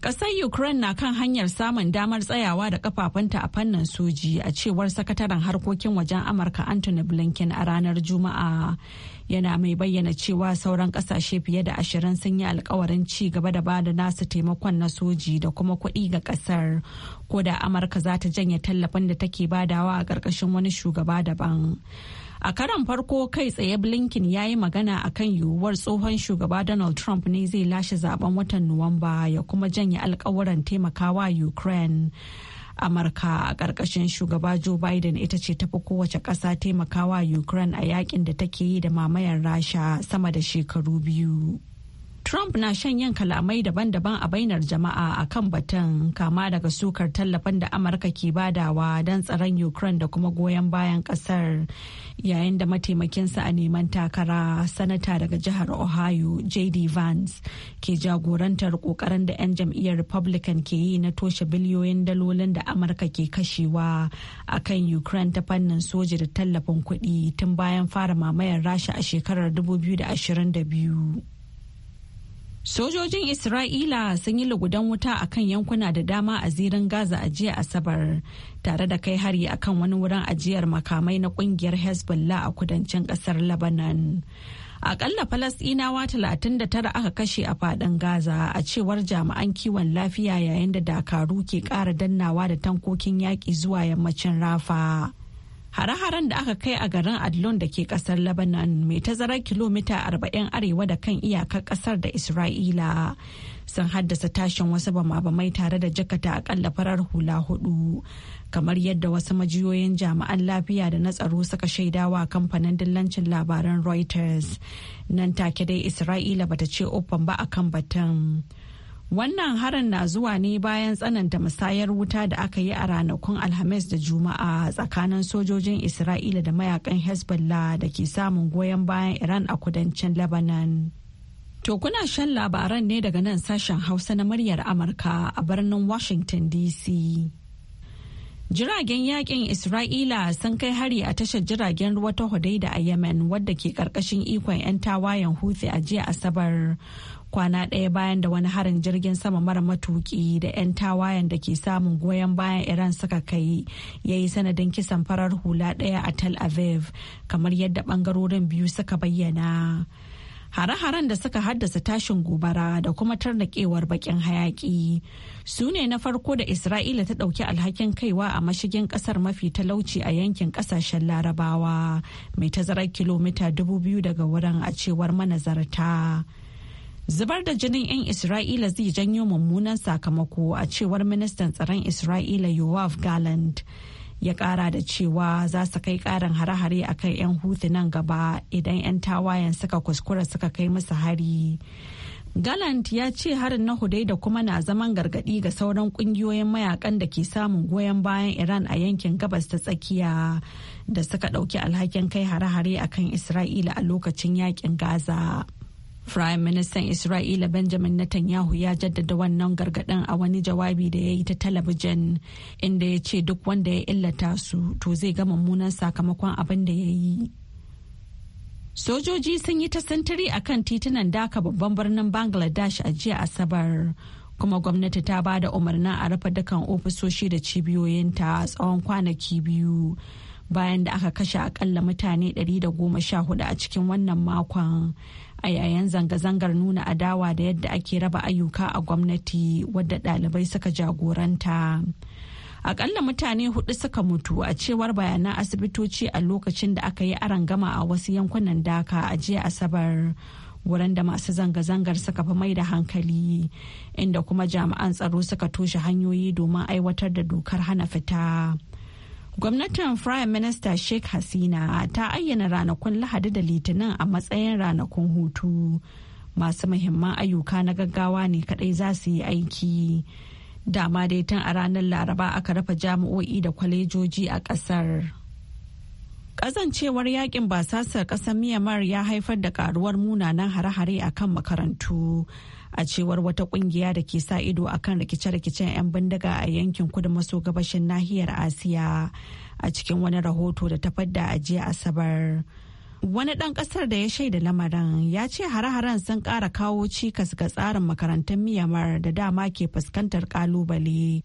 Ƙasar Ukraine na kan hanyar samun damar tsayawa da kafafunta a fannin soji a cewar sakataren harkokin wajen Amurka Anthony Blinken a ranar Juma'a. Yana mai bayyana cewa sauran ƙasashe fiye da ashirin sun yi alkawarin ci gaba da bada nasu taimakon na soji da kuma kuɗi ga ƙasar. Ko da Amurka za ta janye tallafin da take badawa a ƙarƙashin wani shugaba daban. A karan farko kai tsaye Blinken ya yi magana a kan yiwuwar tsohon shugaba Donald Trump ne zai lashe zaben watan Nuwamba ya kuma janye alkawuran taimakawa Ukraine. Amurka a ƙarƙashin shugaba Joe Biden ita ce tafi kowace ƙasa taimakawa Ukraine a yakin da take yi da mamayar Rasha sama da shekaru biyu. Trump na shan yin kalamai daban-daban a bainar jama'a a kan batun kama daga sukar tallafin da Amurka ke badawa don tsaron Ukraine da kuma goyon bayan kasar yayin da mataimakinsa a neman takara sanata daga jihar Ohio J.D. Vance ke jagorantar kokarin da 'yan jam'iyyar Republican ke yi na toshe biliyoyin dalolin da Amurka ke kashewa a kan Ukraine ta fannin soja da tallafin kuɗi tun bayan fara mamayar Rasha a shekarar 2022. Sojojin Isra'ila sun yi lugudan wuta a kan yankuna da dama a zirin Gaza a jiya Asabar, tare da kai hari a kan wani wurin ajiyar makamai na kungiyar Hezbollah a kudancin kasar Lebanon. Akalla Falasɗinawa 39 aka kashe a faɗin Gaza a cewar jami'an kiwon lafiya yayin da dakaru ke ƙara dannawa da tankokin yaƙi zuwa yammacin Rafa. Hare-haren da aka kai a garin Adlon da ke kasar Lebanon mai tazarar kilomita 40 arewa da kan iyakar kasar da Isra'ila sun haddasa tashin wasu bama-bamai tare da jakata akalla farar hula hudu. Kamar yadda wasu majiyoyin jami'an lafiya da na tsaro suka shaidawa kamfanin dillancin labaran Reuters. Nan take dai Isra'ila bata ce ofan ba akan batun. Wannan harin na zuwa ne bayan tsananta musayar wuta da aka yi a ranakun Alhamis da Juma'a tsakanin sojojin Isra'ila da mayakan Hezbollah da ke samun goyon bayan Iran a kudancin Lebanon. To kuna shan labaran ne daga nan sashen Hausa na muryar Amurka a birnin Washington DC. Jiragen yakin Isra'ila sun kai hari a tashar jiragen ruwa ta Hudaida a Yemen wadda ke karkashin ikon 'yan tawayen Houthi a jiya Asabar kwana ɗaya bayan da wani harin jirgin sama mara matuki da 'yan tawayen da ke samun goyon bayan iran suka kai ya yi sanadin kisan farar hula ɗaya a tel aviv kamar yadda ɓangarorin biyu suka bayyana hare-haren da suka haddasa tashin gobara da kuma tarnaƙewar bakin hayaƙi su ne na farko da isra'ila ta ɗauki alhakin kaiwa a mashigin ƙasar mafi talauci a yankin ƙasashen larabawa mai tazarar kilomita 2000 daga wurin a cewar manazarta. Zubar da jinin 'yan Isra'ila zai janyo mummunan sakamako a cewar ministan tsaron Isra'ila Yoav galand Ya kara da cewa za su kai karin hare-hare a kan 'yan hutu nan gaba idan 'yan tawayen suka kuskura suka kai musu hari. galand ya ce harin na hudai da kuma na zaman gargadi ga sauran kungiyoyin mayakan da ke samun goyon bayan Iran a yankin gabas ta tsakiya da suka ɗauki alhakin kai hare-hare a kan Isra'ila a lokacin yakin Gaza. Prime Ministan Isra'ila Benjamin Netanyahu ya jaddada wannan gargaɗin a wani jawabi da ya yi ta talabijin inda ya ce duk wanda ya illata su to zai gama munan sakamakon abin da ya yi. Sojoji sun yi ta sintiri a kan titunan daka babban birnin Bangladesh a jiya Asabar. kuma gwamnati ta ba da umarnin a rufe dukkan ofisoshi da cibiyoyinta tsawon kwanaki biyu bayan da aka kashe akalla mutane 114 a cikin wannan makon a yayin zanga-zangar nuna adawa da yadda ake raba ayyuka a gwamnati wadda ɗalibai suka jagoranta. akalla mutane hudu suka mutu a cewar bayanan asibitoci a lokacin da aka yi aron gama a wasu yankunan daka a jiya asabar wurin da masu zanga-zangar suka fi mai da hankali inda kuma jami'an tsaro suka toshe hanyoyi domin aiwatar da dokar hana fita Gwamnatin Prime Minister Sheikh Hasina ta ayyana ranakun Lahadi da Litinin a matsayin ranakun hutu. Masu muhimman ayyuka na gaggawa ne kadai za su yi aiki. Dama dai tun a ranar Laraba aka rafa jami'o'i da kwalejoji a ƙasar. Kazancewar yakin basasar ƙasar miyamar ya haifar da karuwar munanan hare-hare a kan makarantu. A cewar wata kungiya da ke sa ido a kan rikice-rikicen 'yan bindiga a yankin kudu maso gabashin nahiyar Asiya a cikin wani rahoto da ta fadda a jiya Asabar. Wani ɗan ƙasar da ya shaida lamarin ya ce hare-haren sun ƙara kawo cikas ga tsarin makarantun miyamar da dama ke fuskantar ƙalubale.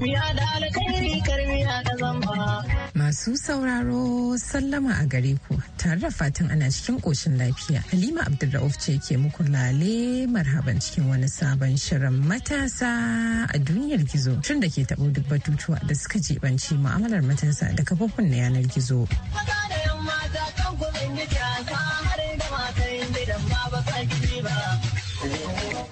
miya da alkhairi da zamba. Masu sauraro sallama a gare ku tare da fatan ana cikin ƙoshin lafiya. Halima Abdulrauf ce ke muku lale marhaban cikin wani sabon shirin matasa a duniyar gizo tun da ke taɓo duk batutuwa da suka jibanci mu'amalar matasa da kafofin na yanar gizo.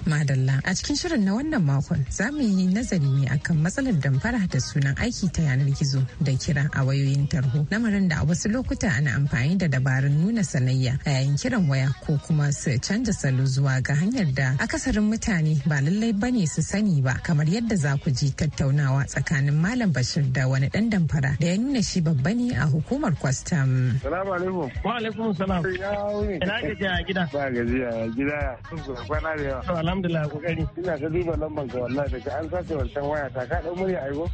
Madalla. A cikin shirin na wannan makon za mu yi nazari ne akan matsalar damfara da sunan aiki ta yanar gizo da kira a wayoyin tarho. Lamarin da a wasu lokuta ana amfani da dabarun nuna sanayya a yayin kiran waya ko kuma su canza salo zuwa ga hanyar da akasarin mutane ba lallai bane su sani ba kamar yadda za ku ji tattaunawa tsakanin Malam Bashir da wani ɗan damfara da ya nuna shi babba ne a hukumar kwastam. Salamu alaikum. salam. Ina gajiya gida. Ba gajiya gida. Kwana kokari ina ta duba lamban ka wallahi daga an sace wancan waya ta ka dan murya aiwo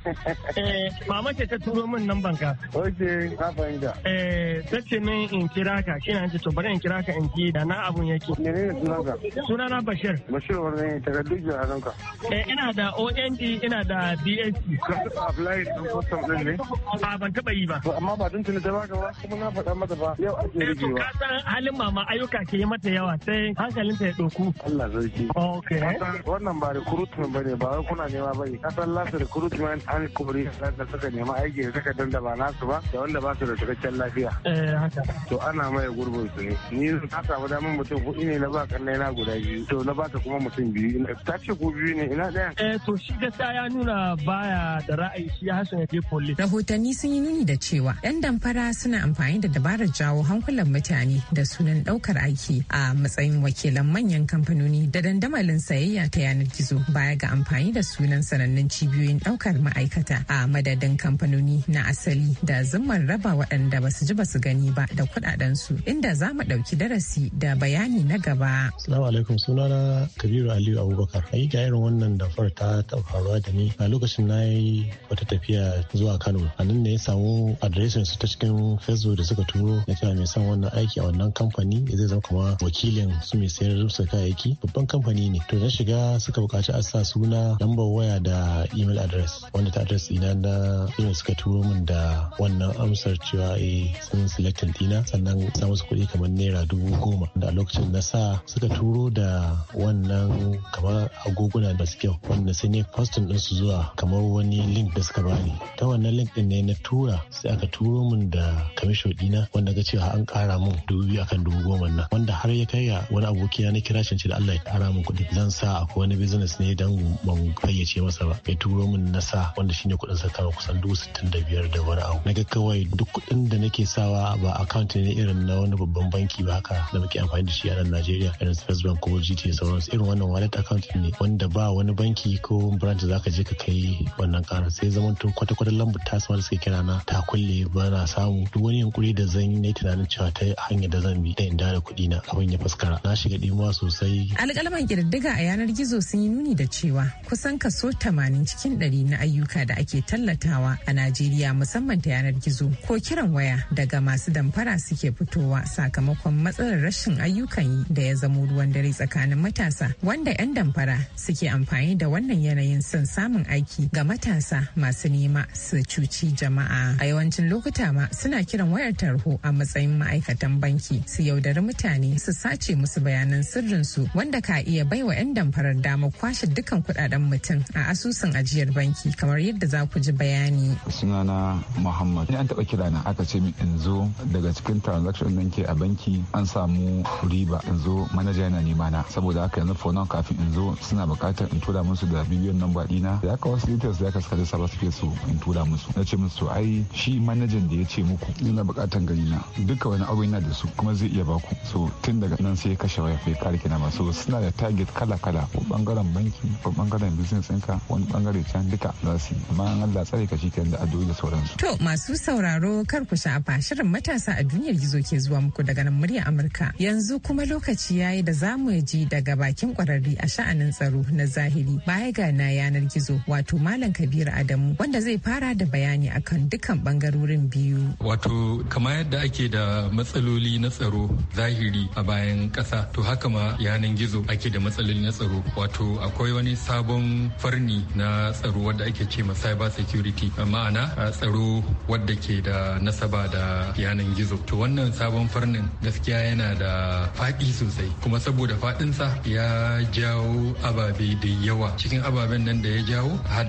eh mama ce ta turo min lamban ka oke ka fahimta eh tace min in kira ka kina ji to bari in kira ka in ji da na abun yake ne ne sunan ka sunan na Bashir Bashir wannan ta ga duk jaran ka eh ina da OND ina da BSc ka apply din custom din ne a ban taba yi ba amma ba dun tuni ta baka ba kuma na faɗa mata ba yau ake eh, rigewa ka san halin mama ayyuka ke mata yawa sai hankalinta ya doku Allah ji okay wannan ba recruitment ne ba wai kuna nema ba ne kasan lasa recruitment an kori da suka nema aiki da suka danda ba nasu ba da wanda ba su da cikakken lafiya eh, to ana mai gurbin su ne ni na samu damar mutum kuɗi ne na ba kallai na guda biyu to na ba ta kuma mutum biyu ta ce ko biyu ne ina ɗaya eh to shi gaskiya ya nuna baya da ra'ayi shi ya hasa ya je police rahotanni sun yi nuni da cewa yan damfara suna amfani da dabarar jawo hankulan mutane da sunan daukar aiki a matsayin wakilan manyan kamfanoni da dandamalin sayayya tarayya ta yanar gizo baya ga amfani da sunan sanannun cibiyoyin daukar ma'aikata a madadin kamfanoni na asali da zumar raba waɗanda ba su ji ba su gani ba da kuɗaɗen su inda za mu ɗauki darasi da bayani na gaba. Assalamu alaikum sunana Kabiru Aliyu Abubakar. yi irin wannan dafar ta faruwa da ni a lokacin na yi wata tafiya zuwa Kano. A nan ne ya samu adireshin su ta cikin Facebook da suka turo na cewa mai son wannan aiki a wannan kamfani zai zama kama wakilin su mai sayar da kayayyaki babban kamfani ne. To shiga suka bukaci a sa suna lambar waya da email address wanda ta address ina na email suka turo min da wannan amsar cewa a eh, sun selectin dina sannan sa musu kuɗi kamar naira dubu goma da a lokacin na sa suka turo da wannan kamar agoguna da kyau wanda sai ne postin din su zuwa kamar wani link da suka bani ta wannan link din ne na tura sai aka turo min da kamisho dina wanda ga cewa an kara mun dubu biyu akan dubu goma nan wanda har ya kai ga wani abokina na kira shi da Allah ya kara min kuɗi zan sa akwai wani business ne don ban fayyace masa ba ya turo min na sa wanda shine kuɗin sakawa kusan dubu sittin da biyar da wani abu na ga kawai duk kudin da nake sawa ba account ne irin na wani babban banki ba haka da muke amfani da shi a nan Najeriya irin First Bank ko GT sauransu irin wannan wallet account ne wanda ba wani banki ko branch zaka je ka kai wannan ƙara sai zaman tun kwata-kwata lambar tasuma da suke kira na ta kulle ba na samu duk wani yunkuri da zan yi na tunanin cewa ta hanyar da zan bi da inda da kudi na abin ya faskara. na shiga ɗimuwa sosai. Alƙalman ƙididdiga a yanar yanar gizo sun yi nuni da cewa kusan kaso 80 cikin 100 na ayyuka da ake tallatawa a Najeriya musamman ta yanar gizo ko kiran waya daga masu damfara suke fitowa sakamakon matsalar rashin ayyukan yi da ya zamo ruwan dare tsakanin matasa wanda 'yan damfara suke amfani da wannan yanayin son samun aiki ga matasa masu nema su cuci jama'a a yawancin lokuta ma suna kiran wayar tarho a matsayin ma'aikatan banki su yaudari mutane su sace musu bayanan sirrin su wanda ka iya baiwa 'yan damfarar dama kwashe dukkan kudaden mutum a asusun ajiyar banki kamar yadda za ku ji bayani. Sunana Muhammad. Ni an taba kira na aka ce min in zo daga cikin transaction din ke a banki an samu riba in zo manaja yana nema na saboda haka yanzu fona kafin in zo suna bukatar in tura musu da bibiyon namba dina da aka wasu details da aka saka da saba suke so in tura musu. Na ce musu ai shi manajan da ya ce muku ina bukatan gani na duka wani abu yana da su kuma zai iya baku so tun daga nan sai ya kashe waya ya kare kina ma so suna da target kala kala kala ko bangaren banki ko bangaren business ɗinka wani bangare can duka za su yi amma an Allah tsare ka shikenan da addu'o'i da sauransu. To masu sauraro kar ku sha'afa shirin matasa a duniyar gizo ke zuwa muku daga nan murya Amurka yanzu kuma lokaci yayi da zamu mu ji daga bakin kwararri a sha'anin tsaro na zahiri baya ga na yanar gizo wato Malam Kabir Adamu wanda zai fara da bayani akan dukan bangarorin biyu. Wato kamar yadda ake da matsaloli na tsaro zahiri a bayan kasa to haka ma yanar gizo ake da matsaloli na tsaro tsaro wato akwai wani sabon farni na tsaro wadda ake ce ma cyber security ma'ana tsaro wadda ke da nasaba da yanan gizo to wannan sabon farnin gaskiya yana da faɗi sosai kuma saboda faɗinsa ya jawo ababe da yawa cikin ababen nan da ya jawo har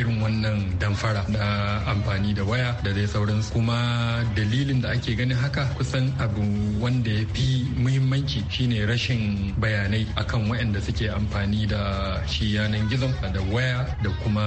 irin wannan damfara na amfani da waya da dai sauransu kuma dalilin da ake ganin haka kusan abu wanda ya fi muhimmanci shine rashin bayanai akan waɗanda suke amfani da shi yanan gizon da waya da kuma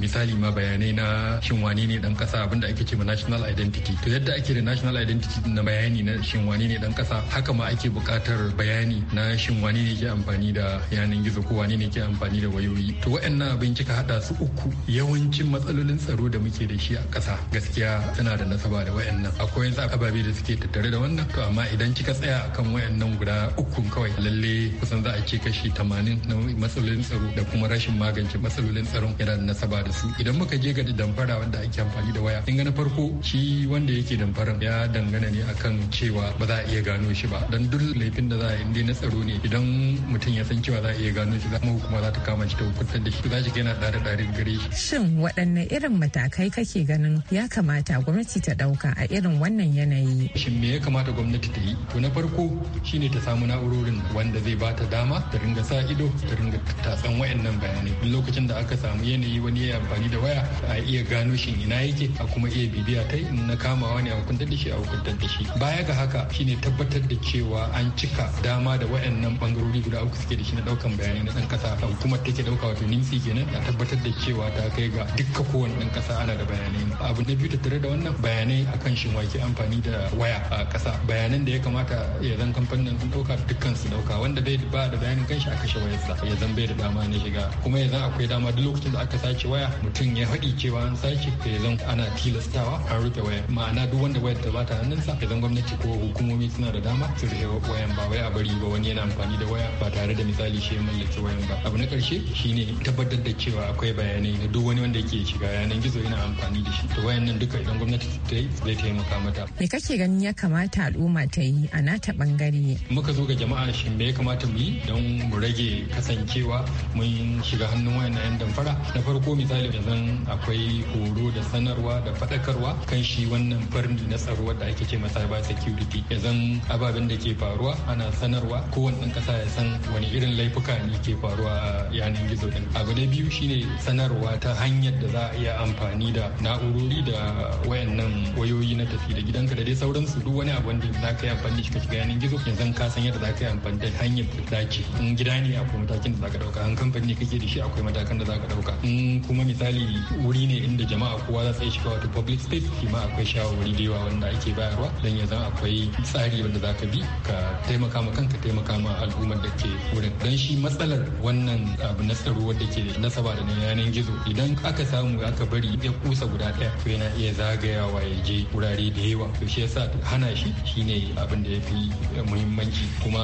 misali ma bayanai na shin wani ne dan kasa abinda ake ce national identity to yadda ake da national identity na bayani na shin wani ne dan kasa haka ma ake bukatar bayani na shin wani ne ke amfani da yanan gizo ko wani ne ke amfani da wayoyi to waɗannan abin kika hada su uku yawancin matsalolin tsaro da muke da shi a kasa. gaskiya tana da nasaba da waɗannan akwai ababe da suke tattare da wannan to amma idan kika tsaya akan waɗannan guda uku kawai lalle kusan za a ce kashi 80 na matsalolin tsaro da kuma rashin magance matsalolin tsaron yana da nasaba da su idan muka je ga damfara wanda ake amfani da waya in na farko shi wanda yake damfaran ya dangana ne akan cewa ba za a iya gano shi ba dan duk laifin da za a yi na tsaro ne idan mutum ya san cewa za a iya gano shi kuma hukuma za ta kama shi ta hukuntar da shi za shi yana tsare tsare gare shi shin waɗanne irin matakai kake ganin ya kamata gwamnati ta ɗauka a irin wannan yanayi shin me ya kamata gwamnati ta yi to na farko shine ta samu na'urorin wanda zai ba ta dama ta ringa sa ido ta ringa tatsan wayannan bayanai duk lokacin da aka samu yanayi wani ya amfani da waya a iya gano shi ina yake a kuma iya bibiya ta in na kamawa ne a hukuntar da shi a hukuntar da shi baya ga haka shine tabbatar da cewa an cika dama da wayannan bangarori guda uku suke da shi na daukan bayanai na dan kasa a hukumar take dauka wato nimsi kenan a tabbatar da cewa ta kai ga dukka kowane dan kasa ana da bayanai abu na biyu tattare da wannan bayanai akan shin wake amfani da waya a kasa bayanan da ya kamata ya zan kamfanin sun dauka dukkan su dauka wanda bai ba da bayanin kanshi a kashe wayarsa ya zan bai da dama na shiga kuma yanzu akwai dama duk lokacin da aka sace waya mutum ya haɗi cewa an sace ka ya zan ana tilastawa an rufe waya ma'ana duk wanda wayar ta bata sa ya zan gwamnati ko hukumomi suna da dama su rufe wayan ba wai a bari ba wani yana amfani da waya ba tare da misali shi mallaki wayan ba abu na karshe shine tabbatar da cewa akwai bayanai na duk wani wanda yake shiga yanan gizo yana amfani da shi to wayan nan duka idan gwamnati ta yi zai taimaka mata me kake ganin ya kamata al'umma ta yi a nata bangare muka zo ga jama'a shin me ya kamata mu yi don mu rage kasancewa mun shiga hannun wayan 'yan damfara na farko misali yanzu akwai horo da sanarwa da faɗakarwa kan shi wannan farni na tsaro da ake ce masa cyber security yanzu ababen da ke faruwa ana sanarwa ko ɗan ƙasa ya san wani irin laifuka ne ke faruwa a gizo din abu na biyu shine sanarwa ta hanyar da za a iya amfani da na'urori da wayannan wayoyi na tafi da gidanka da dai sauransu duk wani abu wanda za ka yi amfani da shi ka shiga yanin gizo yanzu ka san yadda za ka yi amfani da hanyar da dace in gida gane akwai matakin da zaka dauka an kamfani ne kake da shi akwai matakan da zaka dauka in kuma misali wuri ne inda jama'a kowa za su yi shiga wato public space shi ma akwai shawarwari da yawa wanda ake bayarwa dan ya zama akwai tsari wanda zaka bi ka taimaka ma kanka taimaka ma al'ummar da ke wurin dan shi matsalar wannan abu na tsaro wanda ke nasaba da yanan gizo idan aka samu aka bari ya kusa guda ɗaya to yana iya zagayawa ya je wurare da yawa to shi yasa hana shi shine abin da ya fi muhimmanci kuma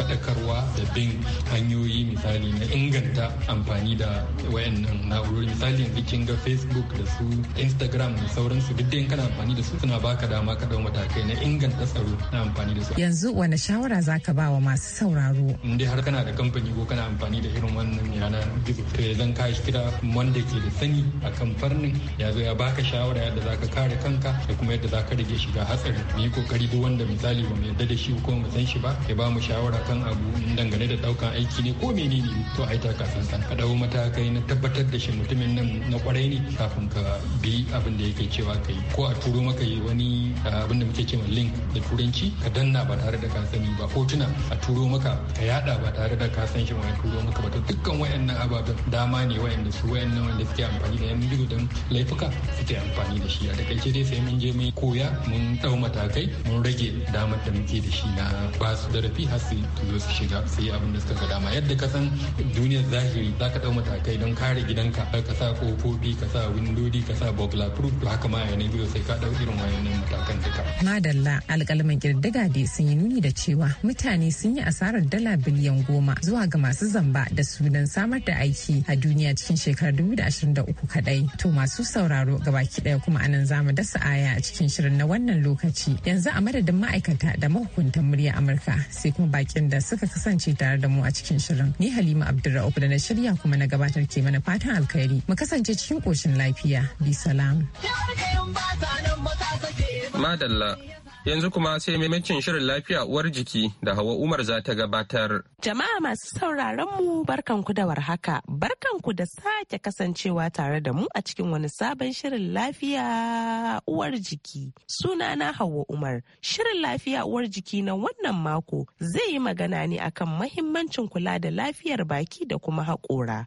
faɗakarwa da bin hanyoyi misali na inganta amfani da wayannan na'urori misali yanzu kin ga facebook da su instagram da sauransu duk da kana amfani da su suna baka dama ka dau matakai na inganta tsaro na amfani da su yanzu wani shawara zaka ba wa masu sauraro in dai har kana da kamfani ko kana amfani da irin wannan yanar gizo to ya zan kai kira wanda ke da sani akan farnin ya zo ya baka shawara yadda zaka kare kanka da kuma yadda zaka rage shiga hatsari mu yi kokari duk wanda misali ba mu yarda da shi ko mu san shi ba ya ba mu shawara kan abu dangane da ɗauka aiki ne ko menene to ai ta kasan san ka dawo matakai na tabbatar da shi mutumin nan na kwarai ne kafin ka bi abin da yake cewa yi ko a turo maka yi wani ah, abin da muke cewa link da turanci ka danna ba tare da ka sani ba ko tuna a turo maka ka yada ba tare da ka san shi a turo maka ba to dukkan wayannan ababen dama ne wayanda su wayannan wanda suke amfani da yan bidiyo don laifuka suke amfani da shi a takaice dai sai mun je mun koya mun dau matakai mun rage damar da muke da shi na ba su da rafi har su zo su shiga sai abin da suka ka dama yadda ka san duniyar zahiri za ka ɗau matakai don kare gidanka ka sa kofofi ka sa windodi ka sa burglar proof to haka ma yanar gizo sai ka ɗau irin wayannan matakan duka. madalla alƙalman ƙirdiga dai sun yi nuni da cewa mutane sun yi asarar dala biliyan goma zuwa ga masu zamba da sunan samar da aiki a duniya cikin shekarar 2023 kaɗai to masu sauraro gabaki ɗaya kuma anan mu dasa aya a cikin shirin na wannan lokaci yanzu a madadin ma'aikata da mahukuntan murya amurka sai kuma bakin da suka kasance tare da mu a a cikin shirin. Ni Halima Abdulra'uf da na shirya kuma na gabatar ke mana fatan alkhairi. Mu kasance cikin koshin lafiya. Bi salam. Madalla Yanzu kuma sai maimacin shirin lafiya uwar jiki da Hawa Umar za ta gabatar. Jama'a masu sauraron mu barkanku da warhaka. Barkanku da sake kasancewa tare da mu a cikin wani sabon shirin lafiya uwar jiki. na Hauwa Umar. Shirin lafiya uwar jiki na wannan mako zai yi magana ne akan mahimmancin kula da lafiyar baki da kuma haƙora.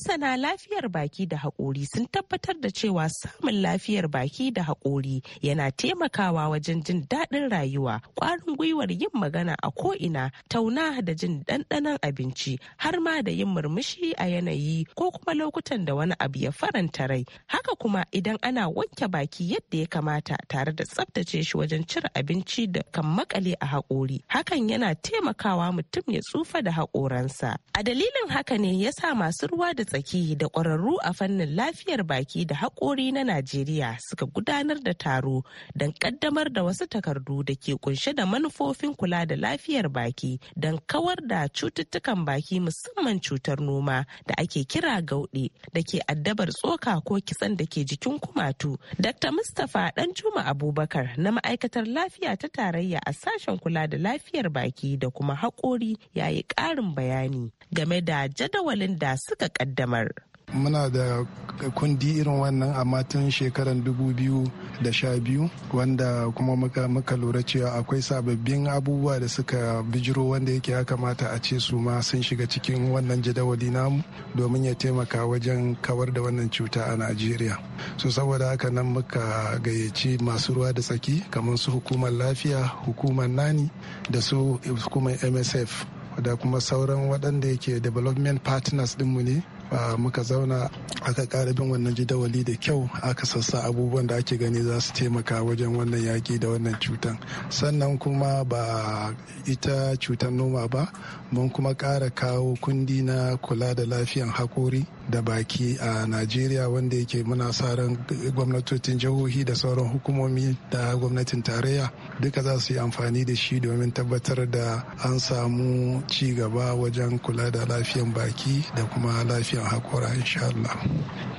masana lafiyar baki da haƙori sun tabbatar da cewa samun lafiyar baki da haƙori yana taimakawa wajen jin daɗin rayuwa ƙwarin gwiwar yin magana a ko'ina tauna da jin ɗanɗanon abinci har ma da yin murmushi a yanayi ko kuma lokutan da wani abu ya faranta rai haka kuma idan ana wanke baki yadda ya kamata tare da tsaftace shi wajen cire abinci da kan makale a haƙori hakan yana taimakawa mutum ya tsufa da haƙoransa a dalilin haka ne ya sa masu ruwa da tsaki baki da kwararru a fannin lafiyar baki da haƙori na Najeriya suka gudanar da taro don ƙaddamar da wasu takardu da ke kunshe da manufofin kula da lafiyar baki don kawar da cututtukan baki musamman cutar noma da ake kira gauɗe da ke addabar tsoka ko kitsan da ke jikin kumatu. Dr. Mustapha Danjuma Abubakar na ma'aikatar lafiya ta tarayya a sashen kula da lafiyar baki da kuma haƙori ya yi ƙarin bayani game da jadawalin da suka ƙaddama muna da kundi irin wannan amma tun shekaran 2012 wanda kuma muka, muka lura cewa akwai sababbin abubuwa da suka bijiro wanda yake ya kamata a ce su ma sun shiga cikin wannan jadawali namu domin ya taimaka wajen kawar da wannan cuta a najeriya so saboda haka nan muka gayyaci masu ruwa da tsaki kamar su hukumar lafiya hukumar nani da su hukumar msf da kuma sauran waɗanda yake development partners dinmu ne muka zauna aka karabin bin wannan jadawali da kyau aka sassa abubuwan da ake gani za su taimaka wajen wannan yaƙi da wannan cutan sannan kuma ba ita cutar noma ba mun kuma ƙara kawo kundi na kula da lafiyan haƙori da baki a najeriya wanda yake muna sa ran gwamnatocin jihohi da sauran hukumomi da gwamnatin tarayya duka za su yi amfani da shi domin tabbatar da an samu ci gaba wajen kula da lafiyan baki da kuma lafiyan cizon hakora insha Allah.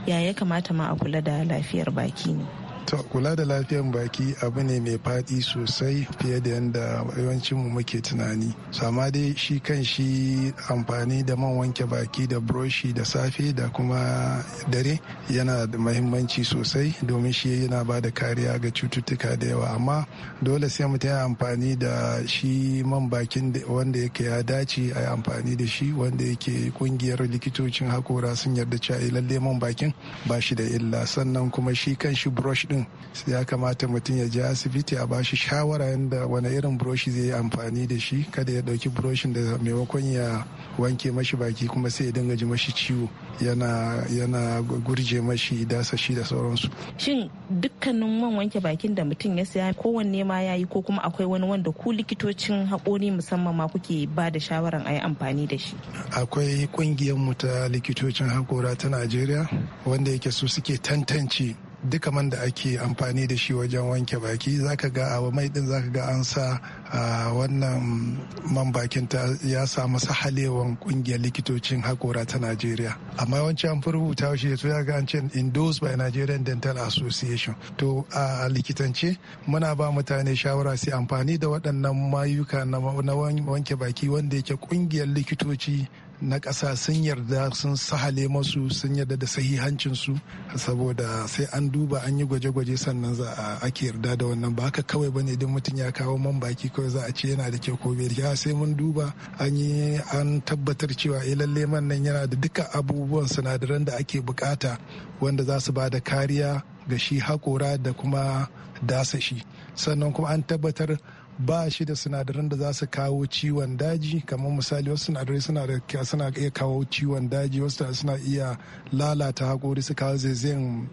Ya ya kamata ma a kula da lafiyar baki ne? To kula da lafiyan baki abu ne mai faɗi sosai fiye da yadda yawancin mu muke tunani. Sama dai shi kan shi amfani da man wanke baki da buroshi da safe da kuma dare yana da mahimmanci sosai domin shi yana ba da kariya ga cututtuka da yawa amma dole sai mu yi amfani da shi man bakin wanda yake ya dace a yi amfani da shi wanda yake kungiyar likitocin hakora sun yarda cewa eh, lalle man bakin ba shi da illa sannan kuma shi kan shi brush din sai ya kamata mutum ya je asibiti a bashi shawara yadda wani irin buroshi zai yi amfani da shi kada ya dauki buroshin da maimakon ya wanke mashi baki kuma sai ya dinga ji mashi ciwo yana gurje mashi dasa shi da sauransu shin dukkanin man wanke bakin da mutum ya saya kowanne ma ya yi ko kuma akwai wani wanda ku likitocin haƙori musamman ma kuke ba da shawaran a yi amfani da shi akwai kungiyar mu ta likitocin haƙora ta najeriya wanda yake su suke tantance duka man da ake amfani da shi wajen wanke baki zaka ga a mai din zaka ga an sa wannan man bakin ta ya sa masa halewan kungiyar likitocin hakora ta Najeriya amma yawanci an fi rubuta shi da ga an ce endorsed by Nigerian Dental Association to a likitance muna ba mutane shawara su amfani da waɗannan mayuka na wanke baki wanda yake kungiyar likitoci na ƙasa sun yarda sun sahale masu sun yarda da sahihancinsu saboda sai an duba an yi gwaje-gwaje sannan za a ake yarda da wannan ba haka kawai ba ne idan mutum ya kawo man baki kawai za a ce yana da kyau ko bai da sai mun duba an yi an tabbatar cewa eh lalle man nan yana da duka abubuwan sinadaran da ake bukata wanda za su ba da kariya ga shi haƙora da kuma dasa shi sannan kuma an tabbatar ba shi da sinadaran da za su kawo ciwon daji kamar misali wasu sinadarai suna iya kawo ciwon daji wasu suna iya lalata haƙori su kawo zaizayin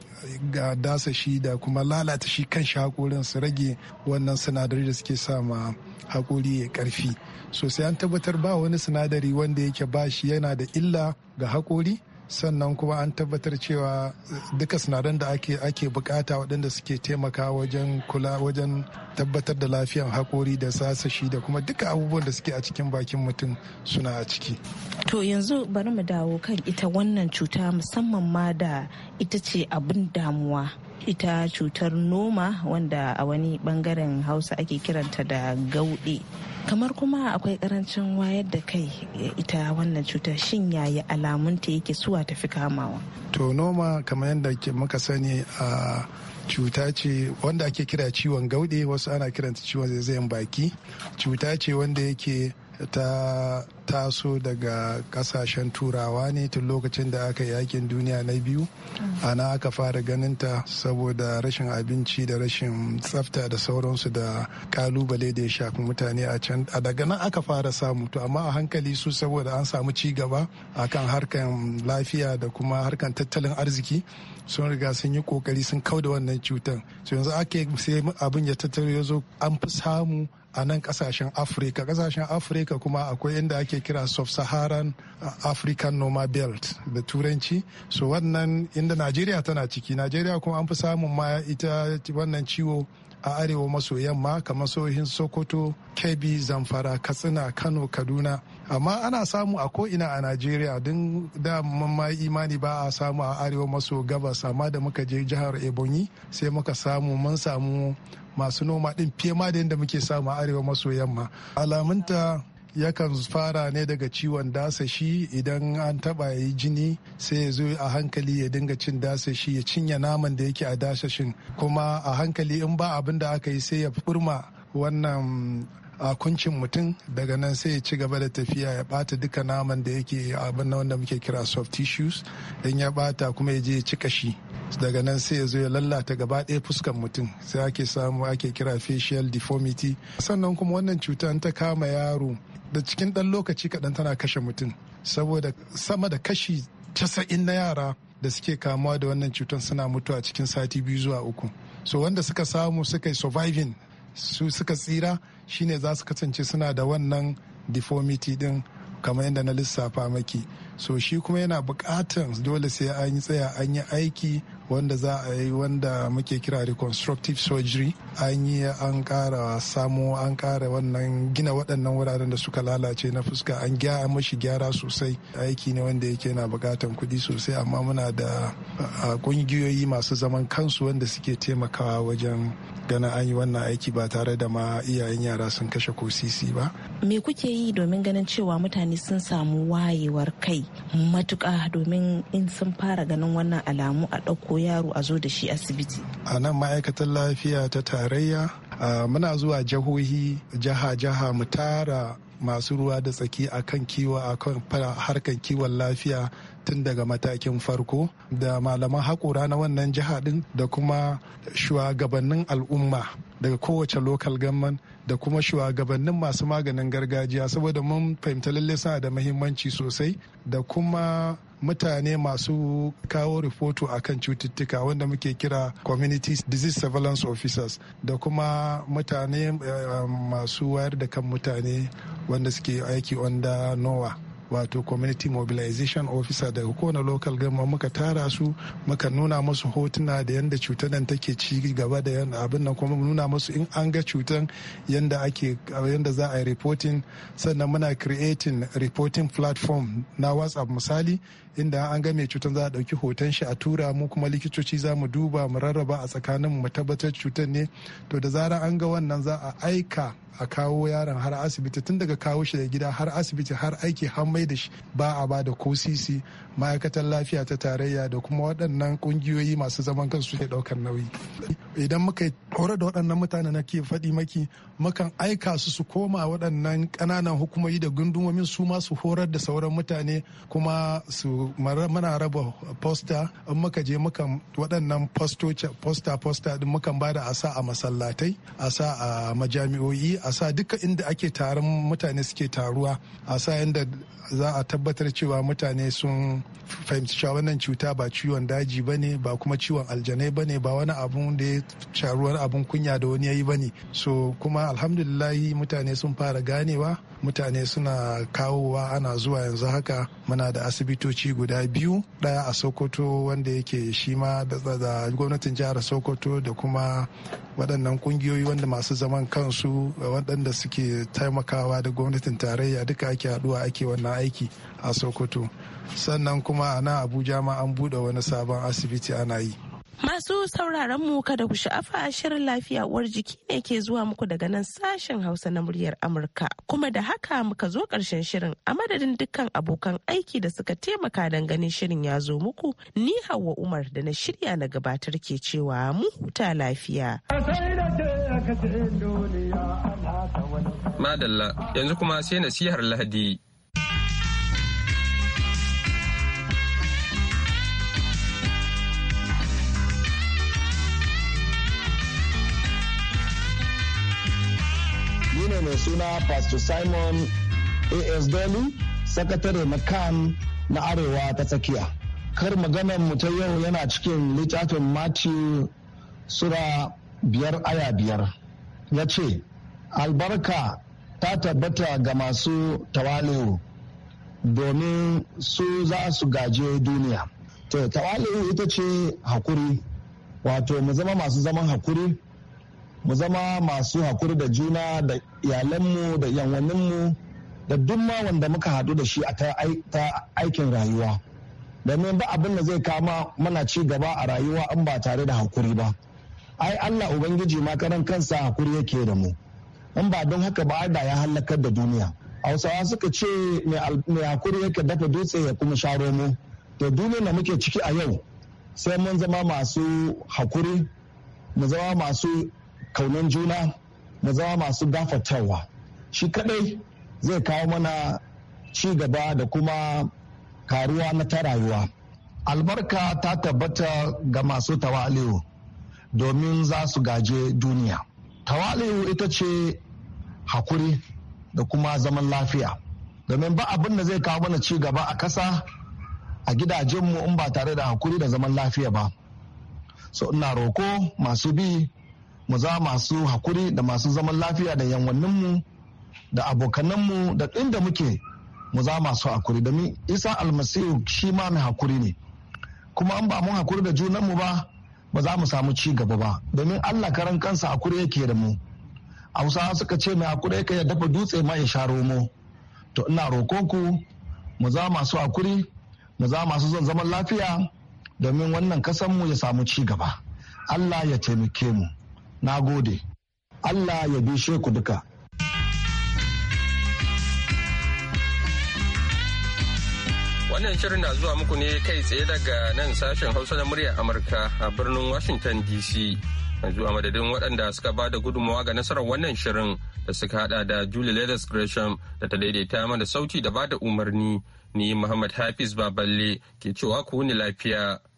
ga dasa shi da kuma lalata shi kan shi haƙorin su rage wannan sinadarai da suke sa ma haƙori ya karfi sosai an tabbatar ba wani sinadari wanda yake ba shi yana da illa ga haƙori sannan kuma an tabbatar cewa duka sinadaran da ake ake bukata waɗanda suke taimaka wajen kula wajen tabbatar da lafiyan haƙori da sasashi da kuma duka abubuwan da suke a cikin bakin mutum suna a ciki to yanzu bari mu dawo kan ita wannan cuta musamman ma da ita ce abin damuwa ita cutar noma wanda a wani bangaren hausa ake kiranta da gauɗe kamar kuma akwai karancin wayar da kai ita wannan cutar shin yaya alamunta yake suwa tafi kamawa to noma kamar yadda muka sani a cuta ce wanda ake kira ciwon gaude wasu ana kiranta ciwon zaizayen baki cuta ce wanda yake ta taso daga kasashen turawa ne tun lokacin da aka yakin duniya na biyu ana aka fara ta saboda rashin abinci da rashin tsafta da sauransu da kalubale da ya shafi mutane a can a daga nan aka fara samu to amma a hankali su saboda an samu ci gaba akan harkan lafiya da kuma harkan tattalin arziki sun riga sun yi kokari sun kau da wannan cutar so yanzu ake sai abin ya tattaro ya zo an fi samu a nan kasashen afirka kasashen afirka kuma akwai inda ake kira sub-saharan uh, african noma belt da turanci so wannan inda najeriya tana ciki najeriya kuma an fi samun ma ita wannan ciwo a arewa maso yamma kamar sohin sokoto kebbi zamfara katsina kano kaduna amma ana samu a ko'ina a najeriya don da ma imani ba a samu a arewa maso gabas amma da muka je jihar ebonyi sai muka samu mun samu masu noma din fiye ma da yadda muke samu a arewa maso yamma alamunta yakan fara ne daga ciwon dasashi idan an taba yi jini sai ya zo a hankali ya dinga cin dasashi ya cinye naman da yake a dasashin kuma a hankali in ba abin da aka yi sai ya furma wannan a kuncin mutum daga nan sai ya ci gaba da tafiya ya bata duka naman da yake abin na wanda muke kira soft tissues in ya bata kuma ya je ya ci kashi daga nan sai ya zo ya lalata gaba ɗaya fuskan mutum sai ake samu ake kira facial deformity sannan kuma wannan cuta ta kama yaro da cikin ɗan lokaci kaɗan tana kashe mutum saboda sama da kashi casa'in na yara da suke kamuwa da wannan cutar suna mutuwa cikin sati biyu zuwa uku so wanda suka samu suka yi surviving su suka tsira shine za su kasance suna da wannan deformity din kamar yadda na lissafa maki so shi kuma yana bukatan dole sai an yi tsaya an yi aiki wanda za a yi wanda muke kira reconstructive surgery an yi an kara samo an kara wannan gina waɗannan wuraren da suka lalace na fuska an gyara mashi gyara sosai aiki ne wanda yake na bukatan kuɗi sosai amma muna da ƙungiyoyi masu zaman kansu wanda suke taimakawa wajen ganin an yi wannan aiki ba tare da ma iyayen yara sun kashe ko sisi ba me kuke yi domin ganin cewa mutane sun samu wayewar kai matuƙa domin in sun fara ganin wannan alamu a ɗauko yaro a zo da shi asibiti a nan ma'aikatan lafiya ta tarayya muna zuwa jihohi jiha-jiha mu tara masu ruwa da tsaki a kan kiwo a kan harkar kiwon lafiya tun daga matakin farko da malaman haƙura na wannan jiha ɗin da kuma shugabannin al'umma daga kowace lokal gamman da kuma shugabannin masu maganin gargajiya saboda mun fahimta lalle sana da mahimmanci sosai da kuma mutane masu kawo a kan cututtuka wanda muke kira community disease surveillance officers da kuma mutane eh, masu wayar da kan mutane wanda suke aiki onda nowa wato community mobilization officer daga kowane local gama muka tara su muka nuna musu hotuna da yadda cutar nan take ci gaba da abin nan kuma nuna musu in an ga cutar yadda ake yadda za a yi reporting sannan muna creating reporting platform na whatsapp misali inda an ga mai cutar za a ɗauki hoton shi a tura mu kuma likitoci za mu duba mu rarraba a tsakanin mu tabbatar cutar ne to da zarar an ga wannan za a aika a kawo yaron har asibiti tun daga kawo shi da gida har asibiti har aiki har komai da shi ba a ba da kusisi ma'aikatar ma'aikatan lafiya ta tarayya da kuma waɗannan ƙungiyoyi masu zaman kansu ke ɗaukar nauyi idan muka horar da waɗannan mutane na ke faɗi maki mukan aika su su koma waɗannan ƙananan hukumomi da gundumomin su ma su horar da sauran mutane kuma su mana raba posta in muka je mukan waɗannan posta posta din mukan ba da asa a masallatai a sa a majami'o'i a sa duka inda ake taron mutane suke taruwa a sa yadda za a tabbatar cewa mutane sun fahimci cewa wannan cuta ba ciwon daji ba ne ba kuma ciwon aljanai ba ne ba wani abu da ya sharuwar abun kunya da wani ya yi bane so kuma alhamdulillahi mutane sun fara ganewa mutane suna kawowa ana zuwa yanzu haka muna da asibitoci guda biyu daya a sokoto wanda yake shi ma da gwamnatin jihar sokoto da kuma waɗannan kungiyoyi wanda masu zaman kansu waɗanda suke taimakawa da gwamnatin tarayya duka ake haɗuwa ake wannan aiki a sokoto sannan kuma a nan abuja ma an buɗe wani sabon asibiti ana yi Masu sauraron mu kada ku sha'afa shirin lafiya uwar jiki ne ke zuwa muku daga nan sashen Hausa na muryar Amurka. Kuma da haka muka zo ƙarshen shirin a madadin dukkan abokan aiki da suka taimaka don ganin shirin ya zo muku ni Hauwa Umar da na shirya na gabatar ke cewa mu huta lafiya. Madalla yanzu kuma sai nasihar Lahadi. sakatare mai suna pastor simon as daly sakatare na kan na arewa ta tsakiya kar maganar mu ta yau yana cikin littafin matthew sura biyar aya biyar ya ce albarka ta tabbata ga masu tawali'u domin su za su gaje duniya to tawali'u ita ce hakuri wato mu zama masu zaman hakuri mu zama masu hakuri da juna da iyalanmu da yanwaninmu da duk ma wanda muka haɗu da shi a ta aikin rayuwa domin ba abin da zai kama mana ci gaba a rayuwa in ba tare da hakuri ba ai allah ubangiji ma karan kansa hakuri yake da mu in ba don haka ba da ya halakar da duniya hausawa suka ce mai hakuri yake dafa dutse ya kuma sha romo to duniya da muke ciki a yau sai mun zama masu hakuri mu zama masu kaunan juna mu zama masu gafatawa shi kadai zai kawo mana ci gaba da kuma karuwa na ta rayuwa albarka ta tabbata ga masu tawali'u domin za su gaje duniya tawali'u ita ce hakuri da kuma zaman lafiya domin ba abin da zai kawo mana ci gaba a ƙasa a gidajenmu in ba tare da hakuri da zaman lafiya ba so ina roko masu bi mu za masu hakuri da masu zaman lafiya da yanwanninmu da abokananmu da inda muke mu za masu hakuri domin isa almasihu shi ma mai hakuri ne kuma an ba mun hakuri da junanmu ba ba za mu samu ci gaba ba domin allah karan kansa hakuri yake da mu a hausawa suka ce mai hakuri yake ya dafa dutse ma ya sha romo to ina rokonku mu za masu hakuri mu za masu zan zaman lafiya domin wannan kasanmu ya samu ci gaba allah ya taimake mu na gode allah ya bishe ku duka wannan shirin na zuwa muku ne kai tsaye daga nan sashen hausa na muryar amurka a birnin washington dc yanzu a madadin waɗanda suka ba da gudunmawa ga nasarar wannan shirin da suka hada da julie leathers gresham da ta daidaita mana sauti da ba da umarni ni muhammad hafiz baballe ke cewa ku ni lafiya